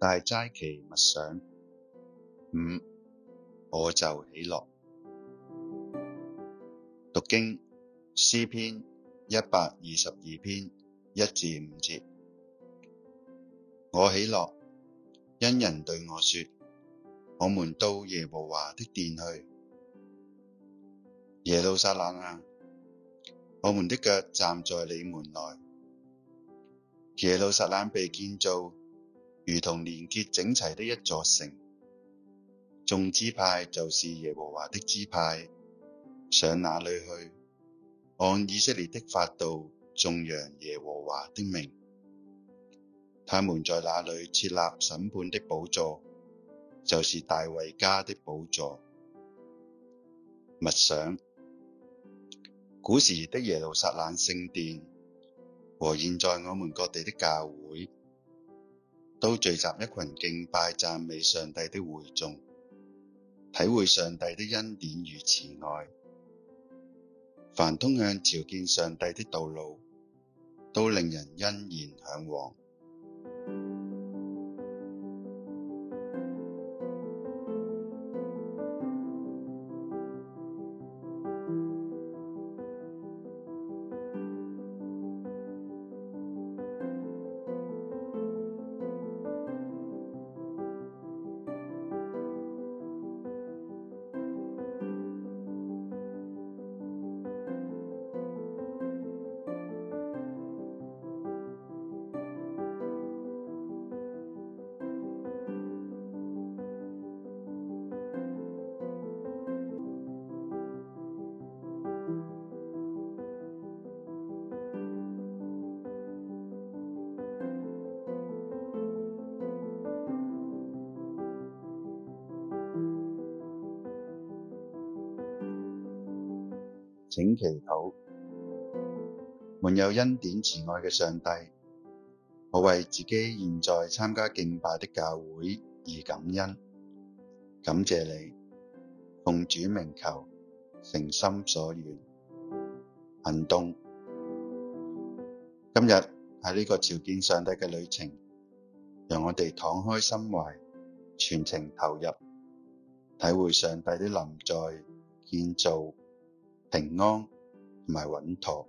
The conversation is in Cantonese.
大齋期默想五，我就喜樂。讀經詩篇一百二十二篇一至五節，我喜樂，因人對我說：我們到耶和華的殿去。耶路撒冷啊，我們的腳站在你門內，耶路撒冷被建造。如同連結整齊的一座城，眾支派就是耶和華的支派，上那裏去，按以色列的法度，頌揚耶和華的名。他們在那裏設立審判的寶座，就是大衛家的寶座。默想，古時的耶路撒冷聖殿和現在我們各地的教會。都聚集一群敬拜讚美上帝的會眾，體會上帝的恩典與慈愛。凡通向朝見上帝的道路，都令人欣然嚮往。請祈禱，滿有恩典慈愛嘅上帝，我為自己現在參加敬拜的教會而感恩，感謝你，奉主名求，誠心所願！行動。今日喺呢個朝見上帝嘅旅程，讓我哋敞開心懷，全情投入，體會上帝的臨在建造。平安同埋穩妥。